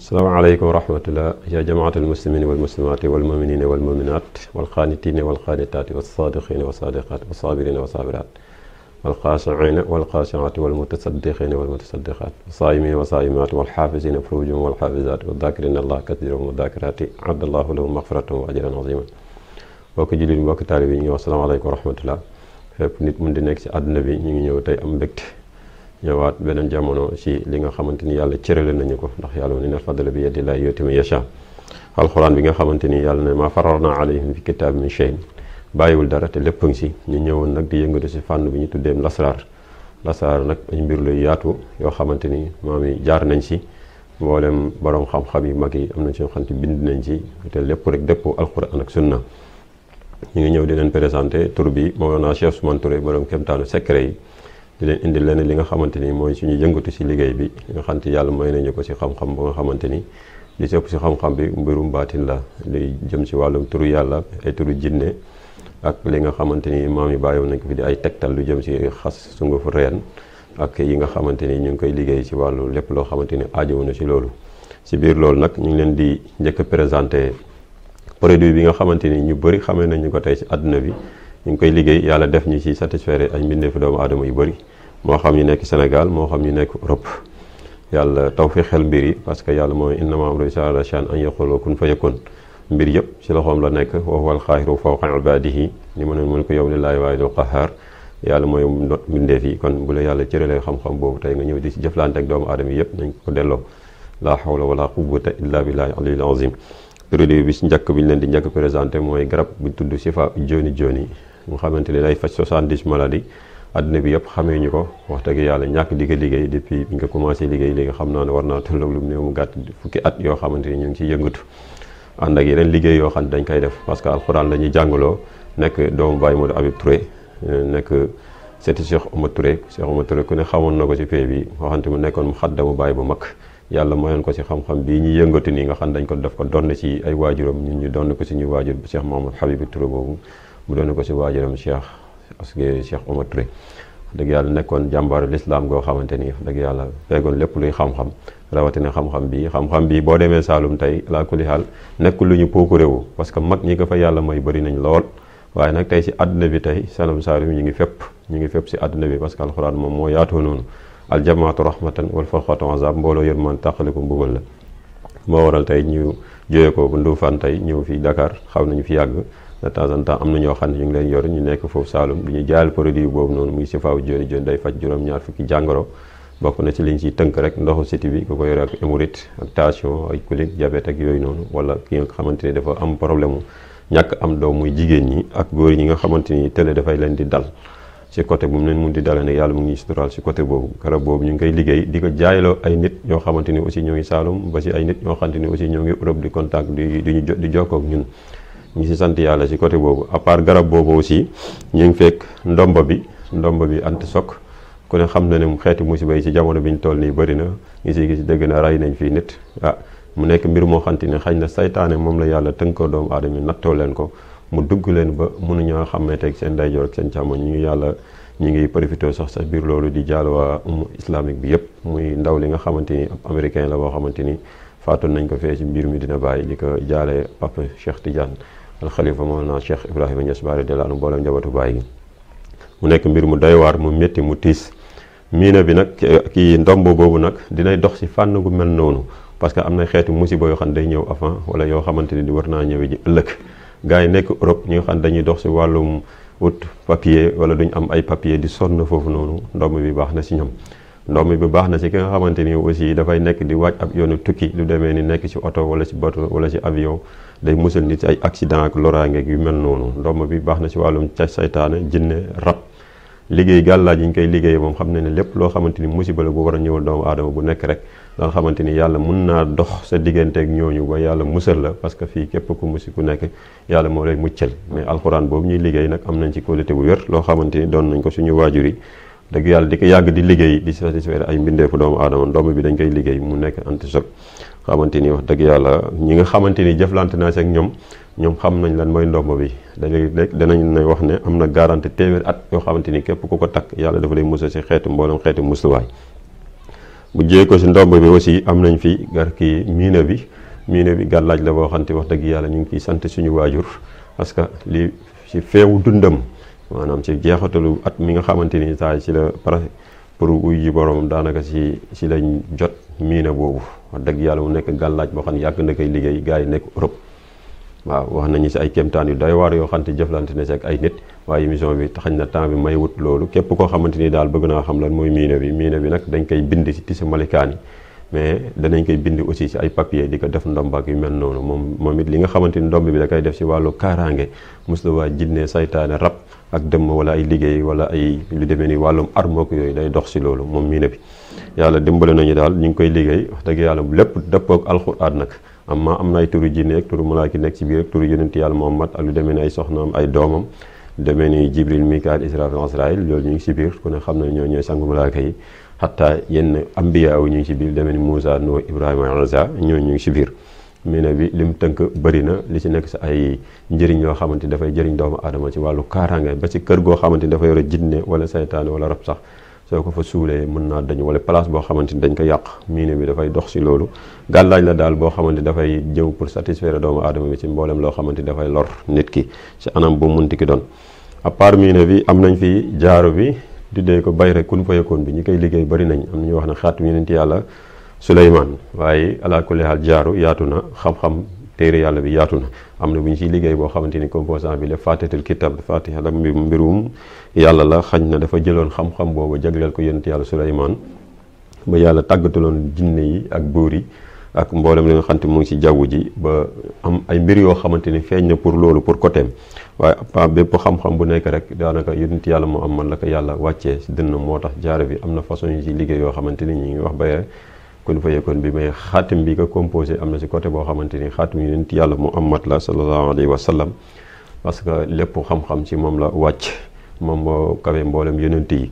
asalaamaaleykum wa rahmatullah yaa jamaatal muslimine walmuslimaati walmuminine walmuminaat walqaanitiine walqaanitaati walsaadiqiine wasaadiqaat wasaabirine wasaabiraat walxaashiina walxaashiaati walmutasaddiqiina walmutasaddiqaat wasaaimina wasaaimaati walxaafisina furujuhum walxaafisaati wadakirina allah kasiran wadakiraati addallahu lahum maxfiratan wa ajran azima mbokki jullit mbokki taalibe yi ñu ngi wax salaamaaleykum wa rahmatullah fépp nit mun di nekk ci àdduna bi ñu ngi ñëw tey am mbégte ñëwaat beneen jamono ci li nga xamante ni yàlla cërale nañu ko ndax yàlla mu ne na fadla bi yadi laahi yu'tiihi man yashaa alxuraan bi nga xamante ni yàlla ne ma fararnaa alayhim fi kitaab min shay'in wul dara te lépp a ngi si ñu ñëwoon nag di yëngatu si fànn bi ñu tuddee lasraar lasraar nag ay mbir luy yaatu yoo xamante ni maam yi jaar nañ si mboolem borom xam-xam yu mag yi am nañ si yoo xamante bind nañ ci te lépp rek dëppoo alxuraan ak sunna ñu ngi ñëw di leen présenté tur bi Mawlana Cheikh Ousmane Touré borom kéemtaanu secret yi di leen indi lenn li nga xamante ni mooy suñu yëngatu si liggéey bi nga xamante yàlla mooy nañu ko si xam-xam ba nga xamante ni li si si xam-xam bi mbirum baatin la li jëm si wàllum turu ay turu jinne ak li nga xamante ni maam yi bàyyiwoon nañ ko fi di ay tegtal lu jëm si xas sunguf reen ak yi nga xamante ni ñu ngi koy liggéey si wàllu lépp loo xamante ni aajowoon na si loolu si biir loolu nag ñu ngi leen di njëkk a présenté produit bi nga xamante ni ñu bëri xamee nañu ko tey si àdduna bi ñu ngi koy liggéey yàlla def ñu ci satisfaire ay mbindeefu doomu aadama yu bëri moo xam ñu nekk Sénégal moo xam ñu nekk Europe yàlla taw fi xel mbir parce que yàlla mooy innama amruhu izaa araada shay'an an yaquula kun fayakun yëpp ci loxoom la nekk wa huwal qaahiru fawqa ibaadihi li ma neen mën ko yow lillaahi waahidul qahaar yàlla mooy mbindeef yi kon bu la yàlla cëralee xam-xam boobu tey nga ñëw di ci jëflante ak doomu aadama yi yëpp nañ ko delloo la hawla wala quwwata illa billahi aliyil azim produit bi ci njëkk bi ñu leen di njakk présenté mooy garab bu tudd sifa jóoni jóoni nga xamante ne day faj 70 maladies adduna bi yëpp xamee ñu ko wax dëgg yàlla ñàkk di ko liggéey depuis bi nga commencé liggéey léegi xam naa ne war naa tolloog lu mu néew mu gàtt fukki at yoo xamante ni ñu ngi ciy yëngatu ànd ak yeneen liggéey yoo xam ne dañ koy def parce que alxuraan la jàngaloo nekk doomu Baye Modou Habib Touré nekk seeti Cheikh Omar Touré Cheikh Omar Touré ku ne xamoon na ko ci pay bi waxante mu nekkoon mu xaddamu Baye bu mag yàlla mayoon ko ci xam-xam bii ñu yëngatu nii nga xam dañ ko def ko donn ci ay waajuram ñun ñu donn ko ci ñuy waajur Cheikh Mahamad Habib Touré boobu mu doon ko si waajuram Cheikh aske Cheikh Omar Touré dëgg yàlla nekkoon jàmbaaru lislaam goo xamante ni dëgg yàlla feegoon lépp luy xam-xam rawatina xam-xam bi xam-xam bii boo demee Saalum tey laa kulli xaal nekk lu ñu pooku réew parce que mag ñi ko fa yàlla mooy bëri nañ lool waaye nag tey si àdduna bi tey Saalum Saalum ñu ngi fépp ñu ngi fepp si àdduna bi parce que alxuraan moom moo yaatoo noonu aljamaatu rahmatan wal farqatu azab mbooloo yërmaan tàqaliku mbugal la moo waral tey ñu jóyee ko bu Ndofane tey ñëw fii Dakar xaw nañu fi yàgg de temps en temps am na ñoo xam ne ñu ngi leen yor ñu nekk foofu Saalum bi ñu jaayal produit boobu noonu muy sifaaw joni joni day faj juróom-ñaar fukki jàngoro bokk na tënk rek ndoxu siti bi ku ko yore yooyu noonu wala xamante ni dafa am problème ñàkk am doom muy jigéen ñi ak góor ñi nga xamante ni télé dafay leen di dal ci côté bu di dalee ne mu ngi suturaal ci boobu garab boobu ñu ngi koy liggéey di ko jaayloo ay nit ñoo xamante ni aussi ñoo ngi Saalum ba ci ay nit ñoo xamante ni aussi ñoo ngi Europe di contact di di di jokkoo ak ñun ñu si sant yàlla si côté boobu à part garab boobu aussi ñu ngi fekk ndomba bi ndomba bi ant sok ku ne xam na ne mu xeeti musiba yi si jamono bi ñu toll nii bëri na ñu si gis dëgg na rey nañ fii nit ah mu nekk mbir moo xamante ne xëy na saytaane moom la yàlla tënkoo doomu aadama nattoo leen ko mu dugg leen ba mënuñoo xamante ak seen ndeyjoor ak seen càmmoñ ñu ngi yàlla ñu ngi profité sax sa biir loolu di jaal waa umu islamique bi yëpp muy ndaw li nga xamante ni ab américain la boo xamante ni faatoon nañ ko fee ci mbir mi dina bàyyi di ko jaalee Papa Cheikh Tidiane alxalifa Mawlana Cheikh Ibrahima Niass Baye radiyallahu anhu mboolem njabootu Baye gi mu nekk mbir mu day waar mu métti mu tiis miina bi nag kii ndomb boobu nag dinay dox si fànn gu mel noonu parce que am na xeetu musiba yoo xam ne day ñëw avant wala yoo xamante ni war naa ñëwee ji ëllëg gars yi nekk Europe ñu nga xam dañuy dox si wàllu ut papier wala duñ am ay papier di na foofu noonu ndomb bi baax na si ñoom. ndox mi bu baax na ci ki nga xamante ni aussi dafay nekk di waaj ab yoonu tukki lu demee ni nekk ci oto wala ci bateau wala ci avion day musal nit ay accident ak loraangeeg yu mel noonu ndox mi bi baax na ci wàllum ca saytaane jinne rab liggéey gàllaaj yi ñu koy liggéey moom xam ne ne lépp loo xamante ni musiba la bu war a ñëwal doomu aadama bu nekk rek danga xamante ni yàlla mun naa dox sa diggante digganteeg ñooñu ba yàlla musal la parce que fii képp ku musi ku nekk yàlla moo lay muccal mais alxuraan boobu ñuy liggéey nag am nañ ci qualité bu wér loo xamante ni doon nañ ko suñu waajur yi dëgg yàlla di ko yàgg di liggéey di satisfaire ay mbindeefu doomu aadama ndomb bi dañ koy liggéey mu nekk antichoc xamante ni wax dëgg yàlla ñi nga xamante ni jëflante naa si ñoom ñoom xam nañ lan mooy ndomb bi dañuy danañ ne wax ne am na garanti téeméer at yoo xamante ni képp ku ko takk yàlla dafa lay musal si xeetu mboolem xeetu musluwaay bu jiyee ko si ndomb bi aussi am nañ fi gar kii miina bi miina bi gàllaaj la boo xamante wax dëgg yàlla ñu ngi ciy sant suñu waajur parce que li si feewu dundam maanaam si jeexatalu at mi nga xamante ni saa si la pare pour uy ji boroom daanaka si si la jot miina boobu wax dëgg yàlla mu nekk gàllaaj boo xam ne yàgg na koy liggéey gars yi nekk Europe waaw wax nañu si ay kéemtaan yu doy waar yoo xam ne jëflante na si ak ay nit waaye émission bi taxañ na temps bi may wut loolu képp koo xamante ni daal bëgg naa xam lan mooy miina bi miina bi nag dañ koy bind si tisi malikaan yi mais danañ koy bind aussi si ay papier di ko def ndombaak yu mel noonu moom moom it li nga xamante ni ndomb bi da koy def si wàllu kaaraange mos la waa jinne saytaane ak dëmm wala ay liggéey wala ay lu demee ni wàllum armook yooyu day dox si loolu moom miina bi yàlla dimbale nañu daal ñu ngi koy liggéey wax dëgg yàlla lépp dëppook alxuraan nag amma am na ay turu jinne ak turu nekk ci biir ak turu yonent yàlla Muhammad ak lu demee ni ay soxnaam ay doomam demee ni jibril mikaal israfil israil loolu ñu ngi si biir ku ne xam ne ñoo ñooy sangu malaaka yi xataa yenn ambiya wu ñu ngi ci biir demee ni Muusa Nuux Ibrahima Isa ñoo ñu ngi si biir miina bi lim tënk bëri na li ci nekk si ay njëriñ yoo xamante dafay jëriñ doomu aadama ci wàllu kaaraange ba ci kër goo xamante ni dafa yore jinne wala saytaane wala rab sax soo ko fa suulee mën naa dañu wala place boo xamante ni dañ ko yàq miina bi dafay dox si loolu gàllaaj la daal boo xamante dafay jëw pour satisfaire doomu aadama bi ci mboolem loo xamante dafay lor nit ki si anam bu ti ki doon à part bi am nañ fi jaaru bi tuddee ko bay rek kun fayakoon bi ñi koy liggéey bëri nañ am wax ne xaat yonent yàlla Souleymane waaye ala kulli haal yaatu na xam-xam téere yàlla bi yaatu na am na bu ñu ciy liggéey boo xamante ni composant bi la fatihatul kitab fatiha la mbirum yàlla la xañ na dafa jëloon xam boobu jagleel ko yonent yàlla Souleymane ba yàlla tàggataloon jinne yi ak buur yi ak mboolem li nga mu ngi ci jaww ji ba am ay mbir yoo xamante ni feeñ na pour loolu pour côté waaye pa bépp xam-xam bu nekk rek daanaka yonent yàlla moo am man la ko yàlla wàccee si dënn moo tax bi am na façon yu ci liggéey yoo xamante ni ñu ngi wax ba kon fa yekkoon bi may xaatim bi nga composé am na ci côté boo xamante ni xaatim yonent yàlla Muhammad la sallallahu alayhi wa sallam parce que lépp xam-xam ci moom la wàcc moom boo kawe mboolem yeneen ti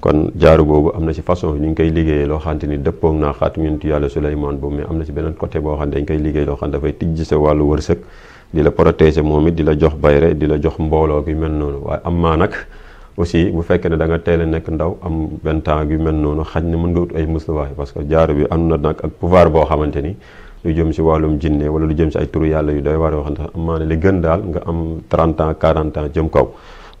kon jaaru boobu am na si façon ñu ngi koy liggéeyee loo xamante ni dëppoog naa xaatim yonent yàlla Souleymane boobu mais am na ci beneen côté boo xam ne dañ koy liggéey loo xam dafay tijji sa wàllu wërsëg di la protéger moom it di la jox bayre di la jox mbooloo gi mel noonu waaye am maa nag aussi bu fekkee ne da nga teel a nekk ndaw am vingt ans yu mel noonu xaj na mën nga wut ay musluwaay parce que jaaro bi am na nag ak pouvoir boo xamante ni lu jëm si wàllum jinne wala lu jëm si ay turu yu doy waar yoo xam ne amaa ne li gën daal am 30 ans 40 ans jëm kaw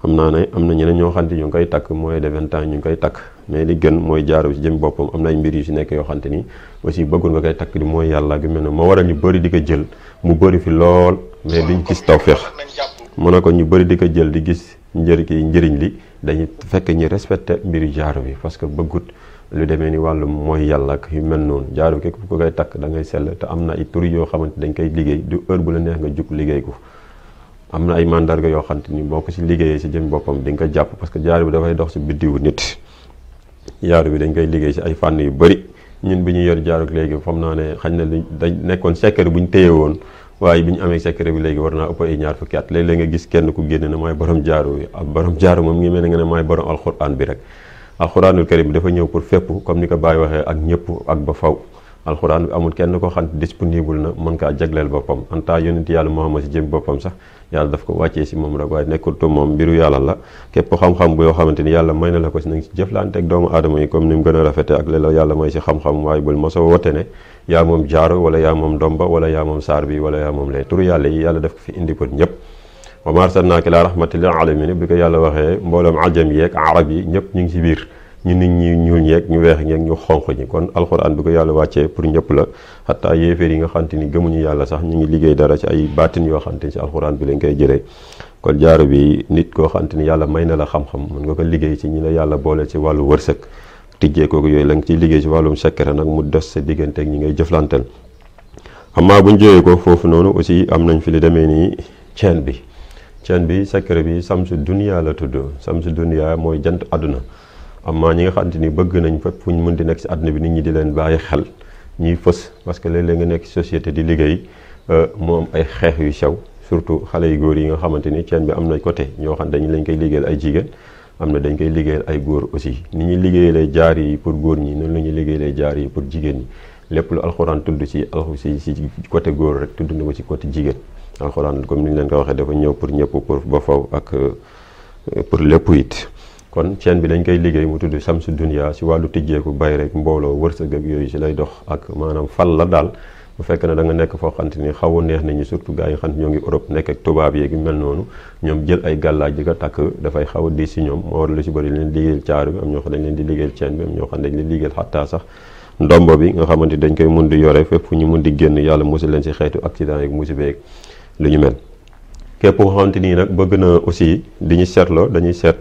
am naa ne am na ñeneen ñoo xamante ñu ngi koy takk mooy de vingt ans ñu ngi koy takk mais li gën mooy jaaro bi si jëm boppam am na ay mbir yu si nekk yoo xamante ni aussi bëggul nga koy takk di mooy yàlla yu mel noonu moo waral ñu bëri di ko jël mu bëri fi lool mais duñ gis tawfeex mu ne ko ñu bëri di ko jël di gis njëri ki njëriñ li dañuy fekk ñi respecté mbiru jaaro bi parce que bëggut lu demee ni wàllum mooy yàlla ak yu mel noonu jaaro bi képp ku koy takk da ngay sell te am na ay tur yoo xamante dañ koy liggéey du heure bu la neex nga jug liggéey ko am na ay mandarga yoo xamante ni boo ko si liggéeyee si jëm boppam di ko jàpp parce que jaaro bi dafay dox si biddiwu nit jaaro bi dañ koy liggéey si ay fànn yu bëri ñun bi ñu yor jaaro léegi xam naa ne xañ na dañ nekkoon secret bu ñu téye woon waaye bi ñu amee secret bi léegi war naa ëpp ay ñaar fukki at léeg-léeg nga gis kenn ku génn ne maay borom jaaro yi borom jaaro moom ngi mel ne nga ne maay borom alxuraan bi rek alxuraanul bi dafa ñëw pour fépp comme ni ko Baye waxee ak ñëpp ak ba faw alxuraan bi amul kenn koo xam disponible na mën kaa jagleel boppam en tant yonent yàlla Muhammad si jëm boppam sax yàlla daf ko wàccee si moom rek waaye nekkul tu moom mbiru yàlla la képp xam-xam bu yoo xamante ni yàlla may na la ko si na nga si jëflante ak doomu a rafete ak lela yàlla may si xam-xam waaye bul mosa wote ne yaa moom jaaro wala yaa moom domba wala yaa moom saar bi wala yaa moom lay turu yàlla yi yàlla daf ko fi indi pour ñëpp wa ma arsalnaaka ilaa rahmatil lil alamin bi ko yàlla waxee mbooloom ajam yeeg arab yi ñëpp ñu ngi si biir ñu nit ñi ñuul ñeeg ñu weex ñeeg ñu xonq ñi kon alxuraan bi ko yàlla wàccee pour ñëpp la xataa yéeféer yi nga xamante ni gëmuñu yàlla sax ñu ngi liggéey dara ci ay baatin yoo xamante ni ci alxuraan bi lañ koy jëlee kon jaaro bi nit koo xamante ni yàlla may na la xam-xam mën nga ko liggéey ci ñi la yàlla boole ci wàllu wërsëg tijjee kooku yooyu la nga ciy liggéey ci wàllum secret nag mu des sa diggante ak ñi ngay jëflanteel amaa buñ jógee ko foofu noonu aussi am nañ fi li demee nii chaîne bi chaîne bi secret bi samsu dunia la tudd samsu dunia mooy jant àdduna am amma ñi nga xamante ni bëgg nañ fa fu ñu mën di nekk si àdduna bi nit ñi di leen bàyyi xel ñuy fës parce que léeg-léeg nga nekk si société di liggéey euh, mu am ay xeex yu sew surtout xale yu góor yi nga xamante ni ceen bi am na côté ñoo xam dañu lañ koy liggéeyal ay jigéen am na dañ koy liggéeyal ay góor aussi ni ñuy liggéeyalee jaar yi pour góor ñi noonu la ñuy liggéeyalee jaar yi pour jigéen ñi lépp lu alxuraan tudd si alxu si si côté góor rek tudd na ko ci côté jigéen alxuraan comme ni ñu leen ko waxee dafa ñëw pour ñëpp pour ba faw ak euh, pour lépp it kon chaîne bi dañ koy liggéey mu tudd Shamsu Dunya si wàllu tijjeeku bay rek mbooloo wërsëg ak yooyu si lay dox ak maanaam fal la daal bu fekk ne da nga nekk foo xamante ni xaw a neex nañu surtout gars yi xam ñoo ngi Europe nekk ak tubaab yeeg yu mel noonu ñoom jël ay gàllaaj di ko takk dafay xaw a diis si ñoom moo war lu si bari leen liggéeyal caar bi am ñoo xam dañ leen di liggéeyal chaîne bi am ñoo xam dañ leen liggéeyal xattaa sax ndombo bi nga xamante dañ koy mun di yore fépp ñu mun di génn yàlla musul leen si xeetu accident yeeg musiba yeeg lu ñu mel képp koo xamante nii nag bëgg na aussi di ñu seetloo dañuy seet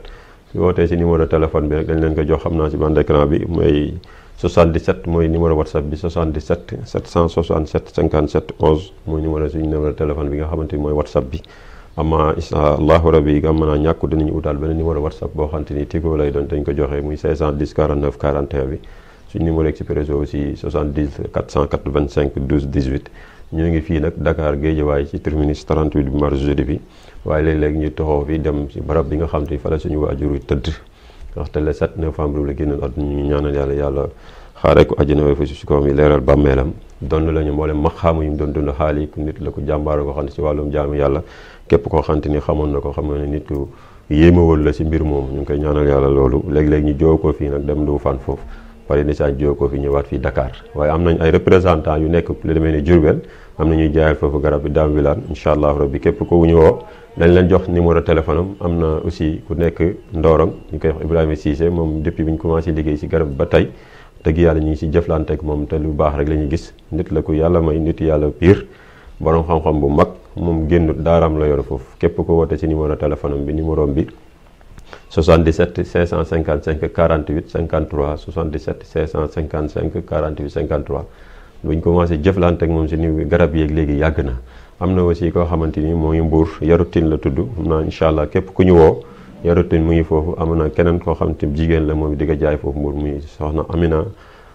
wootee ci numéro téléphone bi rek dañ leen ko jox xam naa ci bande bi mooy 77 mooy whatsapp bi 77 767 57 11 nga xamante ni mooy whatsapp bi ama insha allahu rabbi nga a ñàkku dinañu utaal benn numéro whatsapp boo xamante ni tigo lay doon dañ ko joxee muy 510 49 41 bi suñu numéro expresso aussi 70 485 12 18 ñu ngi fii nag Dakar Guédiawaye ci terminus 38 bu marché jeudi bi waaye léeg-léeg ñu toxoo fi dem si barab bi nga xam ti fa la suñu waajur wi tëdd ndaxte le 7 novembre la génnoon àdduna ñu ñaanal yàlla yàlla xaare ko àjjana way fa si ko mi leeral bàmmeelam donn lañu mboolem maxaamu yu mu doon dund xaal yi ku nit la ko jàmbaar ko xam ne si wàllum jaamu yàlla képp koo xamante ni xamoon na ko xamoon ne nit ku yéema woon la si mbir moom ñu ngi koy ñaanal yàlla loolu léeg-léeg ñu joow ko fii nag dem du fan foofu pare nisaan jóge ko fi ñëwaat fii dakaar waaye am nañ ay représentant yu nekk lu demee ni Diourbel am na ñuy jaayal foofu garab bi daam wilaan incha allah rabbi képp ko wu ñu woo dañ leen jox numéro téléphone am am na aussi ku nekk Ndooram ñu koy wax Ibrahima Cissé moom depuis bi ñu commencé liggéey si garab bi ba tey dëgg yàlla ñu ngi si jëflanteeg moom te lu baax rek la ñuy gis nit la ko yàlla may nit yàlla pire borom xam-xam bu mag moom génn daaraam la yor foofu képp ko woote si numéro téléphone am bi numéro bi 77 555 48 53 77 555 48 53 bu ñu commencé jëflante ak moom si ni garab yeeg léegi yàgg na am na aussi koo xamante ni moo ngi mbuur yarutin la tudd xam naa incha allah képp ku ñu woo yarutin mu ngi foofu am na keneen koo xam ni jigéen la moom di ko jaay foofu mbuur muy soxna Amina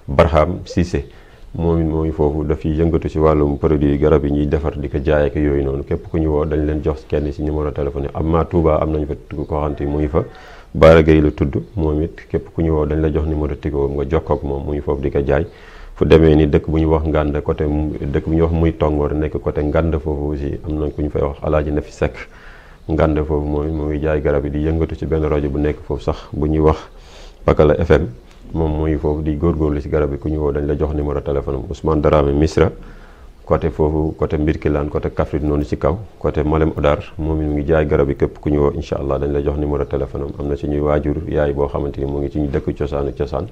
Barham Cissé moom it mooy foofu dafiy yëngatu ci wàllum produit garab yi ñuy defar di ko jaay ak yooyu noonu képp ku ñu woo dañ leen jox kenn ci numéro téléphone yi Amma Touba am nañ fa ko xamante mu ngi fa Baara la tudd moom it képp ku ñu woo dañ la jox numéro tigo nga jokkoo ak moom mu ngi di ko jaay fu demee ni dëkk bu ñu wax ngànd côté dëkk bu ñu wax muy tongoor nekk côté ngànd foofu aussi am nañ ku ñu fay wax alaaji na fi sekk ngànd foofu moom mu jaay garab yi di yëngatu ci benn rajo bu nekk foofu sax bu ñuy wax Pakala FM moom mooy foofu di góorgóorlu ci garab yi ku ñu woo dañ la jox numéro téléphone am Ousmane Darame Misra côté foofu côté Mbirkilaan côté Kaffrine noonu ci kaw côté Malem Odar moom it mu ngi jaay garab yi képp ku ñu woo incha allah dañ la jox numéro téléphone am am na ci yaay boo xamante ni mu ngi ci ñu dëkk cosaanu cosaan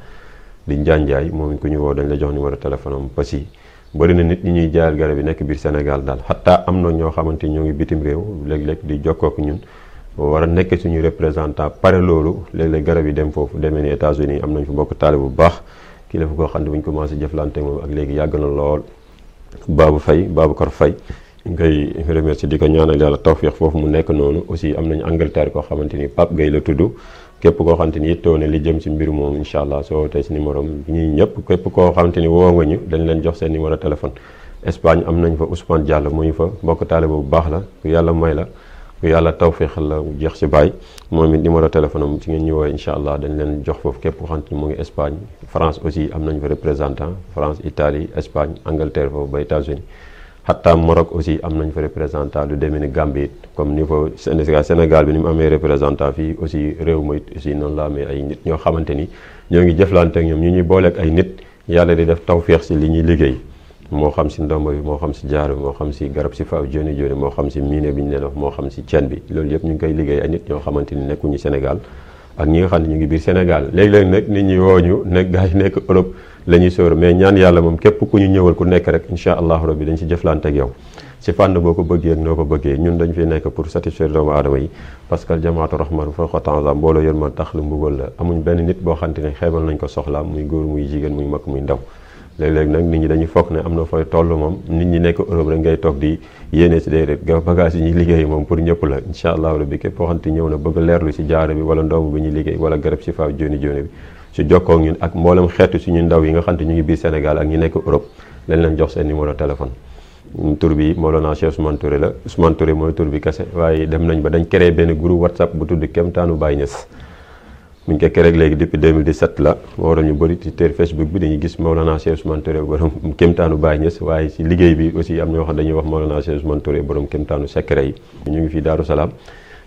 di njaanjaay moom it ku ñu woo dañ la jox numéro téléphone am pasi bëri na nit ñuy jaayal garab yi nekk biir Sénégal daal xataa am na ñoo xamante ni ñoo ngi bitim réew léeg-léeg di jokkoo ak ñun war a nekkee suñu représentant pare loolu léeg-léeg garab yi dem foofu demee ni États-Unis am nañ fa mbokk taalibe bu baax kilifa koo xam ne bu ñu commencé jëflante moom ak léegi yàgg na lool Babou Faye Babacar Faye ngay remercier di ko ñaanal yàlla tawféex foofu mu nekk noonu aussi am nañu Angleterre koo xamante ni Pape Gueye képp koo xamante ni yittoo li jëm ci mbir moom incha allah soo wootee ci numéro ñii ñëpp képp koo xamante ni woo nga ñu dañ leen jox seen numéro téléphone Espagne am nañ fa Ousmane Diallo mu ngi fa mbokk taalibe bu baax la ku yàlla may la yàlla tawféexal la jeex ci bàyyi moom it numéro téléphone am ci ngeen ñu woowee incha allah dañ leen jox foofu képp ko xam ne mu ngi Espagne France aussi am nañ fa représentant France Italie Espagne Angleterre foofu ba États-Unis xataa Maroc aussi am nañ fa représentant lu deme ni Gambie it comme niveau Sénégal bi ni mu amee représentant fii aussi réew ma it aussi noonu la amee ay nit ñoo xamante ni ñoo ngi jëflante ñoom ñu ñuy booleek ay nit yàlla di def tawféex si li ñuy liggéey. moo xam si ndombo bi moo xam si jaar bi xam si garab si faaw joni joni moo xam si miine bi ñu leen wax moo xam si ceen bi loolu yëpp ñu ngi koy liggéey ay nit ñoo xamante ni nekkuñu Sénégal ak xam ne ñu ngi biir Sénégal léeg-léeg nag nit woo ñu nag gars yi nekk Europe la ñuy sóor mais ñaan yàlla moom képp ku ñu ñëwal ku nekk rek incha allahu rabbi dañ si jëflante ak yow si fànn boo ko bëggee ak noo ko bëggee ñun dañ fi nekk pour satisfaire doomu aadama yi parce que jamaatu rahmatu fawqa ta'zim mbooloo yërmal tax lu mbugal la benn nit boo xamante ne xeebal nañ ko soxlaam muy góor muy jigéen muy mag muy léeg-léeg nag nit ñi dañu foog ne am na fooy toll moom nit ñi nekk Europe rek ngay toog di yéene ci déedéet ga bagage yi ñuy liggéey moom pour ñëpp la incha allah rabbi képp waxante ñëw na bëgg leerlu ci jaare bi wala ndoom bi ñu liggéey wala garab ci faaw joni joni bi su jokkoo ñun ak mboolem xeetu suñu ndaw yi nga xam ne ñu ngi biir Sénégal ak ñu nekk Europe lañ leen jox seen numéro téléphone tur bi Mawlana Cheikh Ousmane Touré la Ousmane Touré mooy tur bi kese waaye dem nañ ba dañ créé benn groupe WhatsApp bu tudd Kemtaanu Baye Niass buñ ko kerek léegi depuis 2017 la moo waral ñu bëri ci teer Facebook bi dañuy gis Maolana Cheikh Ousmane Touré borom kémtaanu liggéey bi aussi am ñoo xam dañuy wax Maolana Cheikh Ousmane Touré borom kémtaanu secret yi ñu ngi fii Daaru Salaam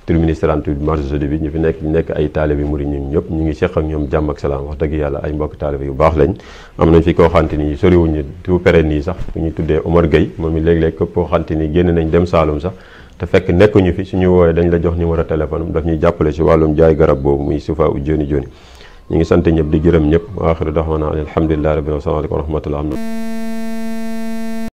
tur ministrante bi bi ñu fi nekk nekk ay taalibe murid ñun ñëpp ñu ngi seq ak ñoom jàmm ak salaam wax dëgg yàlla ay mbokk taalibe yu baax lañ am nañ fi koo xante ni soriwuñu tout péré nii sax ñu tuddee Omar Gueye moom i léeg-léeg képp koo xante ni génn nañ dem Saalum sax te fekk nekkuñu fi suñu woowee dañ la jox numéro téléphone daf ñuy jàppale si wàllum jaay garab boobu muy sufa u joni joni ñu ngi sant ñëpp di gërëm ñëpp waaxiru daxwaana alhamdulillahi rabbil aalamiin wa rahmatullah